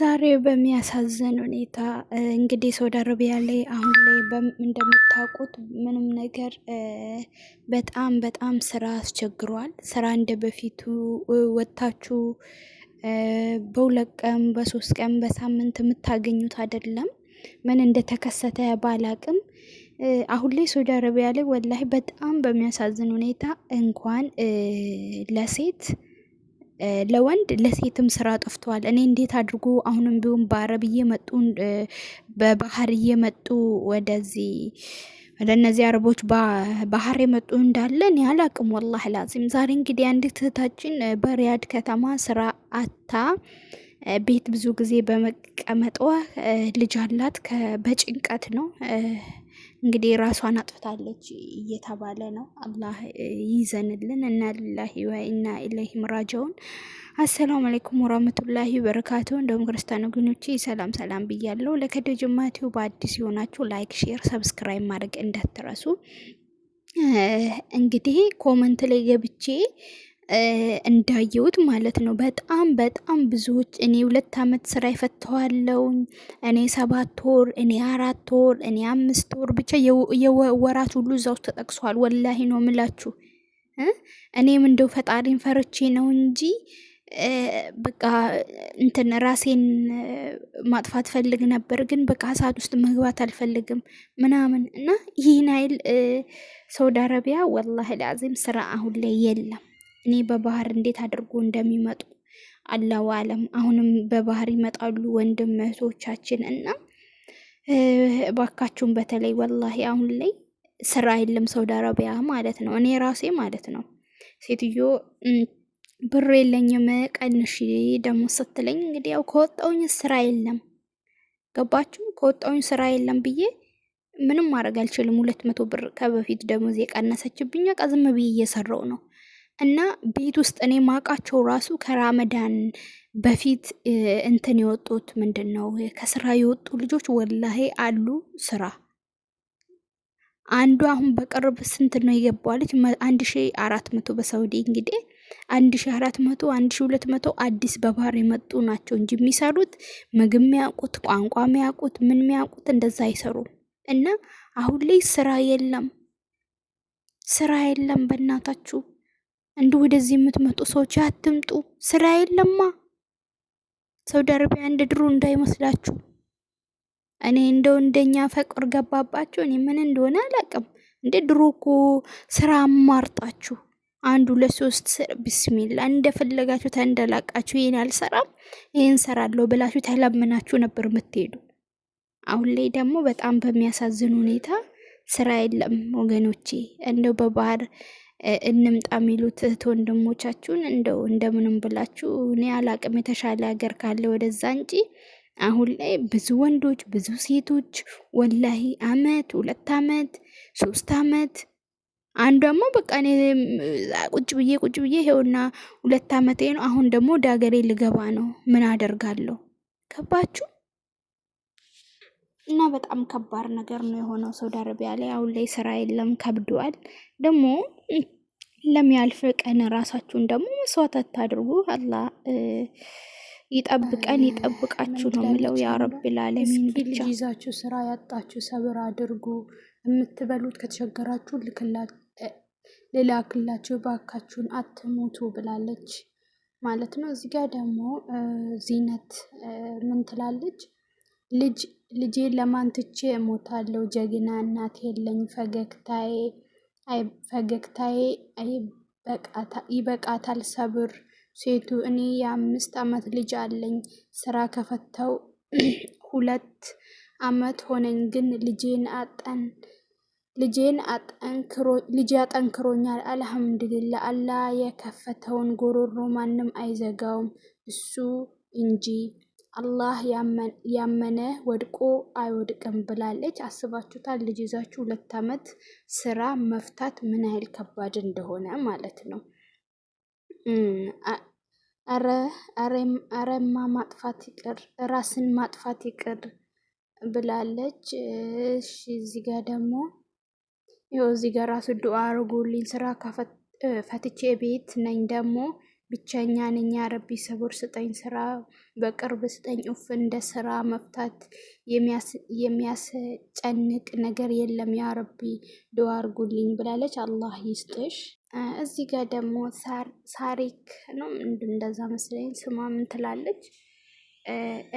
ዛሬ በሚያሳዝን ሁኔታ እንግዲህ ሳውዲ አረቢያ ላይ አሁን ላይ እንደምታውቁት ምንም ነገር በጣም በጣም ስራ አስቸግሯል። ስራ እንደ በፊቱ ወጥታችሁ በሁለት ቀን በሶስት ቀን በሳምንት የምታገኙት አይደለም። ምን እንደተከሰተ ባላቅም አሁን ላይ ሳውዲ አረቢያ ላይ ወላሂ በጣም በሚያሳዝን ሁኔታ እንኳን ለሴት ለወንድ ለሴትም ስራ ጠፍተዋል። እኔ እንዴት አድርጎ አሁንም ቢሆን በአረብ እየመጡ በባህር እየመጡ ወደዚህ ወደ እነዚህ አረቦች ባህር የመጡ እንዳለ እኔ አላቅም። ወላህ ላዚም ዛሬ እንግዲህ አንዲት እህታችን በሪያድ ከተማ ስራ አታ ቤት ብዙ ጊዜ በመቀመጧ ልጅ አላት በጭንቀት ነው እንግዲህ ራሷን አጥፍታለች እየተባለ ነው። አላህ ይዘንልን እና ሊላሂ ወኢና ኢለይሂ ራጂዑን። አሰላሙ አለይኩም ወራህመቱላሂ በረካቱ። እንደውም ክርስቲያን ወገኖቼ ሰላም ሰላም ብያለሁ። ለከዶ ጅማቲው በአዲስ የሆናችሁ ላይክ፣ ሼር፣ ሰብስክራይብ ማድረግ እንዳትረሱ። እንግዲህ ኮመንት ላይ ገብቼ እንዳየሁት ማለት ነው። በጣም በጣም ብዙዎች እኔ ሁለት አመት ስራ ይፈተዋለው፣ እኔ ሰባት ወር እኔ አራት ወር እኔ አምስት ወር ብቻ የወራት ሁሉ እዛ ውስጥ ተጠቅሷል። ወላሂ ነው ምላችሁ እኔም እንደው ፈጣሪን ፈርቼ ነው እንጂ በቃ እንትን ራሴን ማጥፋት ፈልግ ነበር፣ ግን በቃ እሳት ውስጥ መግባት አልፈልግም ምናምን እና ይህን አይል ሳውዲ አረቢያ ወላሂ ለአዚም ስራ አሁን ላይ የለም። እኔ በባህር እንዴት አድርጎ እንደሚመጡ አላው አለም። አሁንም በባህር ይመጣሉ ወንድም እህቶቻችን እና እባካችሁን በተለይ ወላሂ አሁን ላይ ስራ የለም ሳውዲ አረቢያ ማለት ነው። እኔ ራሴ ማለት ነው ሴትዮ ብር የለኝም ቀንሽ ደግሞ ስትለኝ እንግዲህ ያው ከወጣውኝ ስራ የለም ገባችሁ? ከወጣውኝ ስራ የለም ብዬ ምንም ማድረግ አልችልም። ሁለት መቶ ብር ከበፊት ደሞዝ የቀነሰችብኝ ቀዝም ብዬ እየሰራው ነው። እና ቤት ውስጥ እኔ ማውቃቸው ራሱ ከራመዳን በፊት እንትን የወጡት ምንድን ነው ከስራ የወጡ ልጆች ወላሄ አሉ ስራ አንዱ አሁን በቅርብ ስንት ነው የገባዋለች? አንድ ሺ አራት መቶ በሳውዲ እንግዲህ አንድ ሺ አራት መቶ አንድ ሺ ሁለት መቶ አዲስ በባህር የመጡ ናቸው እንጂ የሚሰሩት ምግብ የሚያውቁት ቋንቋ የሚያውቁት ምን የሚያውቁት እንደዛ አይሰሩም። እና አሁን ላይ ስራ የለም፣ ስራ የለም በእናታችሁ እንዲሁ ወደዚህ የምትመጡ ሰዎች አትምጡ፣ ስራ የለማ። ሳውዲ አረቢያ እንደ ድሮ እንዳይመስላችሁ። እኔ እንደው እንደኛ ፈቅር ገባባቸው። እኔ ምን እንደሆነ አላውቅም። እንደ ድሮ እኮ ስራ አማርጣችሁ አንዱ ለሶስት ቢስሚላ እንደፈለጋችሁ ተንደላቃችሁ ይህን አልሰራም ይህን ሰራለሁ ብላችሁ ተለምናችሁ ነበር የምትሄዱ። አሁን ላይ ደግሞ በጣም በሚያሳዝን ሁኔታ ስራ የለም ወገኖቼ እንደው በባህር እንምጣ የሚሉት እህት ወንድሞቻችሁን እንደው እንደምንም ብላችሁ እኔ አላቅም የተሻለ ሀገር ካለ ወደዛ እንጂ አሁን ላይ ብዙ ወንዶች ብዙ ሴቶች ወላሂ አመት ሁለት አመት ሶስት አመት አንዱ ደግሞ በቃ እኔ ቁጭ ብዬ ቁጭ ብዬ ይሄውና ሁለት አመቴ ነው። አሁን ደግሞ ወደ ሀገሬ ልገባ ነው ምን አደርጋለሁ? ገባችሁ? እና በጣም ከባድ ነገር ነው የሆነው ሳውዲ አረቢያ ላይ አሁን ላይ ስራ የለም፣ ከብደዋል። ደግሞ ለሚያልፍ ቀን ራሳችሁን ደግሞ መስዋዕት አታድርጉ። አላህ ይጠብቀን ይጠብቃችሁ ነው የምለው። ያ ረብ ላለሚን ብቻ ይዛችሁ ስራ ያጣችሁ ሰብር አድርጉ። የምትበሉት ከተቸገራችሁ ልላክላችሁ፣ ባካችሁን አትሙቱ ብላለች ማለት ነው። እዚጋ ደግሞ ዚነት ምን ትላለች? ልጅ ልጄን ለማን ትቼ እሞታለሁ ጀግና እናት የለኝ ፈገግታዬ ፈገግታዬ ይበቃታል ሰብር ሴቱ እኔ የአምስት ዓመት ልጅ አለኝ ስራ ከፈተው ሁለት ዓመት ሆነኝ ግን ልጄን አጠን ልጄን አጠንክሮ ልጄ አጠንክሮኛል አልሐምዱሊላ አላ የከፈተውን ጎሮሮ ማንም አይዘጋውም እሱ እንጂ አላህ ያመነ ወድቆ አይወድቅም ብላለች። አስባችሁታል? ልጅ ይዛችሁ ሁለት ዓመት ስራ መፍታት ምን ያህል ከባድ እንደሆነ ማለት ነው። አረማ ማጥፋት ይቅር፣ ራስን ማጥፋት ይቅር ብላለች። እሺ እዚህ ጋር ደግሞ ይኸው እዚህ ጋር ራሱ ዱአ አርጉልኝ ስራ ፈትቼ ቤት ነኝ ደግሞ ብቸኛ ነኝ። ረቢ ሰብር ስጠኝ፣ ስራ በቅርብ ስጠኝ። ኡፍ እንደ ስራ መፍታት የሚያስጨንቅ ነገር የለም። ያ ረቢ ድዋ አርጉልኝ ብላለች። አላህ ይስጥሽ። እዚህ ጋር ደግሞ ሳሪክ ነው እንድ እንደዛ መስለኝ ስማ ምን ትላለች?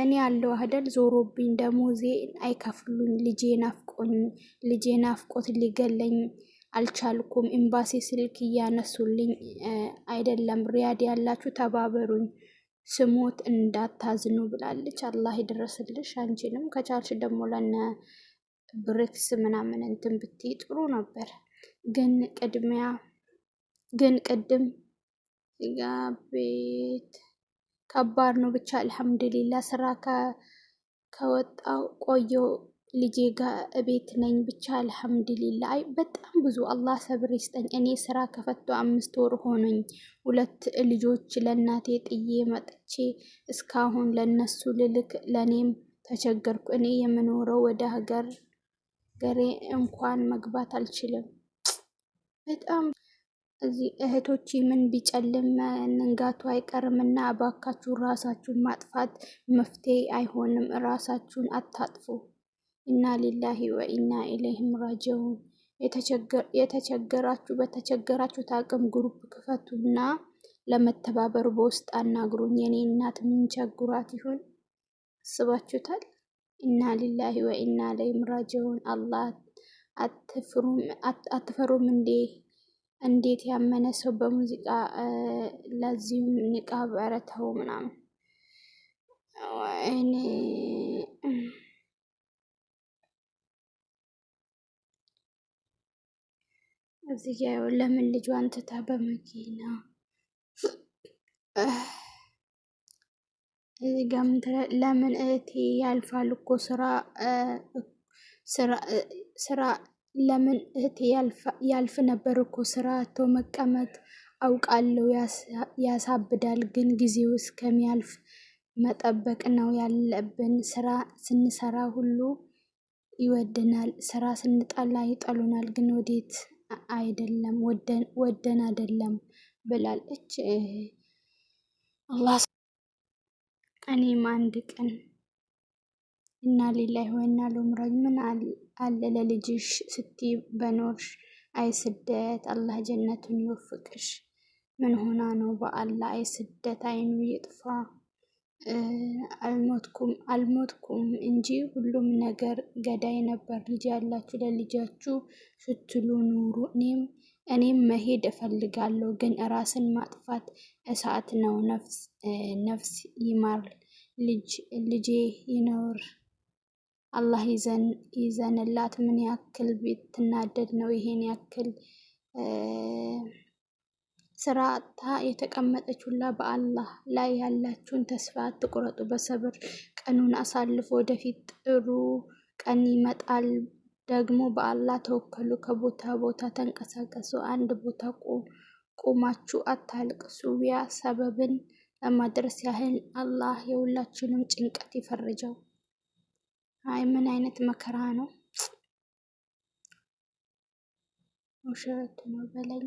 እኔ ያለው አህደል ዞሮብኝ ደሞዜ አይከፍሉኝ ልጄ ናፍቆኝ ልጄ ናፍቆት ሊገለኝ አልቻልኩም። ኤምባሲ ስልክ እያነሱልኝ አይደለም። ሪያድ ያላችሁ ተባበሩኝ፣ ስሞት እንዳታዝኑ ብላለች። አላህ ይድረስልሽ። አንቺንም ከቻልሽ ደግሞ ለነ ብሪክስ ምናምን እንትን ብትይ ጥሩ ነበር። ግን ቅድሚያ ግን ቅድም ቤት ከባድ ነው ብቻ አልሐምዱሊላ ስራ ከወጣው ቆየው ልጄ ጋር እቤት ነኝ ብቻ አልሐምድሊላ። አይ በጣም ብዙ አላህ ሰብር ይስጠኝ። እኔ ስራ ከፈቶ አምስት ወር ሆኖኝ ሁለት ልጆች ለእናቴ ጥዬ መጥቼ እስካሁን ለነሱ ልልክ ለእኔም ተቸገርኩ። እኔ የምኖረው ወደ ሀገር ገሬ እንኳን መግባት አልችልም። በጣም እህቶች ምን ቢጨልም አይቀርም አይቀርምና እባካችሁ ራሳችሁን ማጥፋት መፍትሄ አይሆንም። ራሳችሁን አታጥፉ። እና ሊላሂ ወኢና ኢለይሂም ራጂዑን። የተቸገራችሁ በተቸገራችሁት አቅም ግሩፕ ክፈቱና ለመተባበር በውስጥ አናግሩኝ። የኔ እናት ምን ቸግሯት ይሆን አስባችሁታል? እና ሊላሂ ወኢና ኢለይሂም ራጂዑን። አላህ አትፈሩም እንዴ? እንዴት ያመነ ሰው በሙዚቃ ለዚሁም ንቃብ ኧረ ተው ምናምን እዚያው ለምን ልጇን ትታ በመኪና እዚህ ጋር ለምን እህቴ ያልፋል እኮ ስራ ስራ ለምን እህቴ ያልፍ ነበር እኮ ስራ አቶ መቀመጥ አውቃለሁ ያሳብዳል፣ ግን ጊዜው እስከሚያልፍ መጠበቅ ነው ያለብን። ስራ ስንሰራ ሁሉ ይወደናል፣ ስራ ስንጠላ ይጠሉናል። ግን ወዴት አይደለም ወደን አይደለም ብላለች። አላህ እኔም አንድ ቀን እና ሊላሂ ወይና ለምራኝ ምን አለ ለልጅሽ ስቲ በኖርሽ አይ ስደት አላህ ጀነቱን ይወፍቅሽ። ምን ሆና ነው በአላህ አይ ስደት አይኑ ይጥፋ። አልሞትኩም አልሞትኩም እንጂ ሁሉም ነገር ገዳይ ነበር። ልጅ ያላችሁ ለልጃችሁ ስትሉ ኑሩ። እኔም መሄድ እፈልጋለሁ፣ ግን ራስን ማጥፋት እሳት ነው። ነፍስ ይማር፣ ልጄ ይኖር፣ አላህ ይዘንላት። ምን ያክል ቤት ትናደድ ነው ይሄን ያክል ስራ አጥታ የተቀመጠች ሁላ በአላህ ላይ ያላችሁን ተስፋ አትቁረጡ። በሰብር ቀኑን አሳልፎ ወደፊት ጥሩ ቀን ይመጣል። ደግሞ በአላህ ተወከሉ። ከቦታ ቦታ ተንቀሳቀሱ። አንድ ቦታ ቁማችሁ አታልቅሱ። ያ ሰበብን ለማድረስ ያህል አላህ የሁላችንም ጭንቀት ይፈርጀው። አይ ምን አይነት መከራ ነው! ሙሽረቱ ነው በለኝ።